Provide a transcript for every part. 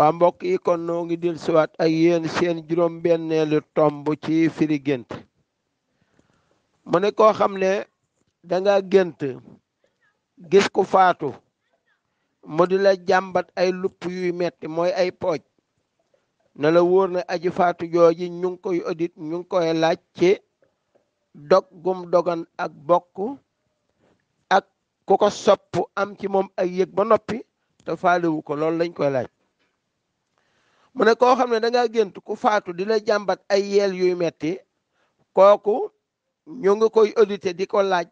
waa mbokk yi kon noo ngi dil siwaat ak yéen seen juróom benneelu tomb ci firi gént mu ne koo xam ne danga gént gis ku faatu mu di la jàmbat ay lupp yuy metti mooy ay pooj na la wóor na aji faatu jooji ñu ngi koy audit ñu ngi koy laaj ci dog dogan ak bokk ak ku ko sopp am ci moom ay yëg ba noppi te faalewu ko loolu lañ koy laaj mu ne koo xam ne da ngaa gént ku faatu dina la jàmbat ay yeel yuy metti kooku ñu ngi koy audité di ko laaj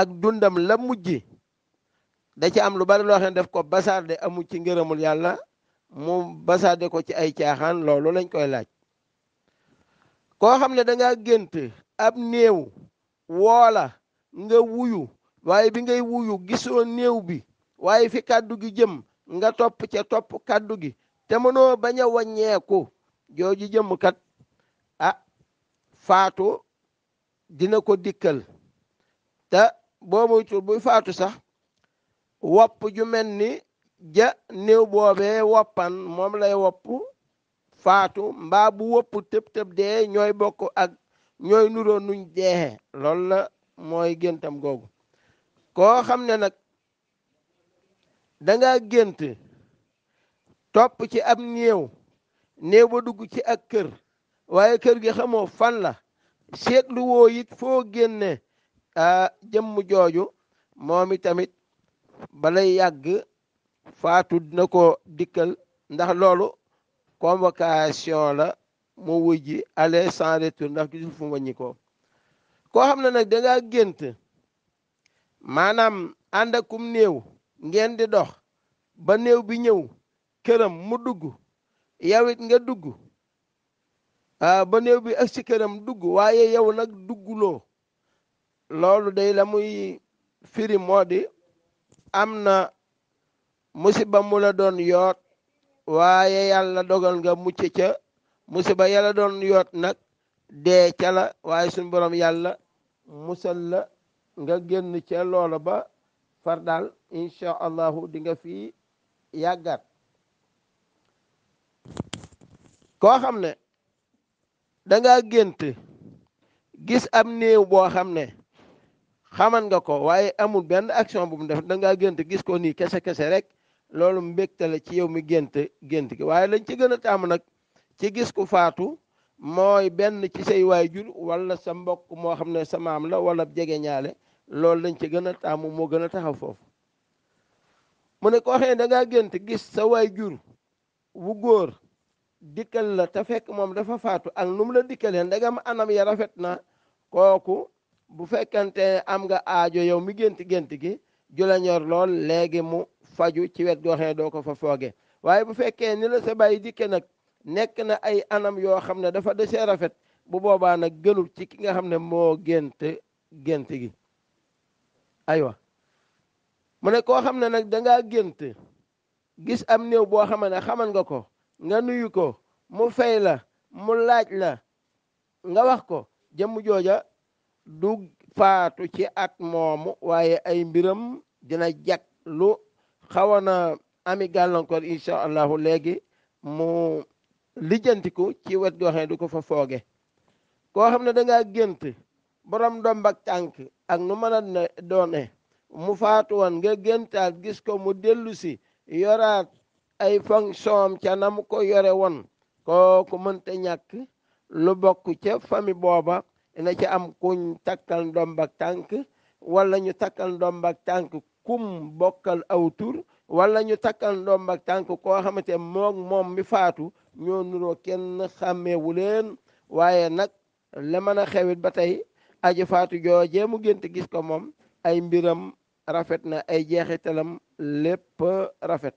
ak dundam la mujj da ci am lu bari loo def ko basaarde amul ci ngërëmul yàlla mu basaarde ko ci ay caaxaan loolu lañ koy laaj koo xam ne da ngaa gént ab néew woola nga wuyu waaye bi ngay wuyu gisoo néew bi waaye fi kàddu gi jëm nga topp ca topp kàddu gi te mënoo bañ a wàññeeku jooju jëmm kat ah faatu dina ko dikkal te boo muytul buy faatu sax wopp ju mel ni ja néew boobee woppan moom lay wopp faatu mbaa bu wopp tëb-tëb dee ñooy bokk ak ñooy nuroo nuñ jeexe loolu la mooy géntam googu koo xam ne nag danga gént topp ci ab néew néew ba dugg ci ak kër waaye kër gi xamoo fan la seetlu woo it foo génne jëmm jooju moom tamit balay yàgg faatu dina ko dikkal ndax loolu convocation la mu wujji aller sans ndax gisul fu wàññi ko koo xam ne nag dangaa gént maanaam ànd akum néew ngeen di dox ba néew bi ñëw këram mu dugg yow nga dugg ah ba néew bi ak ci këram dugg waaye yow nag dugguloo loolu day la muy firi moo di am na musiba mu la doon yoot waaye yàlla dogal nga mucc ca musiba yàlla doon yoot nag dee ca la waaye suñ boroom yàlla musal la nga génn ca loolo ba far daal incha allahu dinga nga fi yàggat koo xam ne da ngaa gis am néew boo xam ne xaman nga ko waaye amul benn action bu mu def da gént gis ko nii kese kese rek loolu mbektale ci yow mi gént gént gi waaye lañ ci gën a tàmm nag ci gis ku faatu mooy benn ci say waajur wala sa mbokk moo xam ne sa maam la wala jege ñaale loolu lañ ci gën a tàmm moo gën a taxaw foofu mu ne koo xam ne da gént gis sa waajur wu góor dikkal la ta fekk moom dafa faatu ak nu la la dikkalee ndegam anam ya rafet na kooku bu fekkante am nga aajo yow mi gént gént gi ju lool léegi mu faju ci wet goo xam ne doo ko fa fooge waaye bu fekkee ni la sa bàyyi dikke nag nekk na ay anam yoo xam ne dafa desee rafet bu boobaa nag gënul ci ki nga xam ne moo gént gént gi aywa mu nekk koo xam ne nag danga gént gis am néew boo xam ne xaman nga ko nga nuyu ko mu fay la mu laaj la nga wax ko jëmm jooja du faatu ci at moomu waaye ay mbiram dina jag lu xawana ami gàllankoor incha allahu léegi mu lijjantiku ci wet goo xam ko fa fooge koo xam ne danga gént borom domb ak tànk ak nu mën a doone mu faatu woon nga géntaat gis ko mu dellu si yoraat ay fonction ca na ko yore woon kooku mënta ñàkk lu bokk ca famille booba dina ci am kuñ takkal ndomb ak tànk ñu takkal ndomb ak kum bokkal aw tur wala ñu takkal ndomb ak tànk koo xamante moom moom mi faatu ñoo nuroo kenn xàmmeewu leen waaye nag la mën a xewit ba tey aji faatu joojee mu gént gis ko moom ay mbiram rafet na ay jeexitalam lépp rafet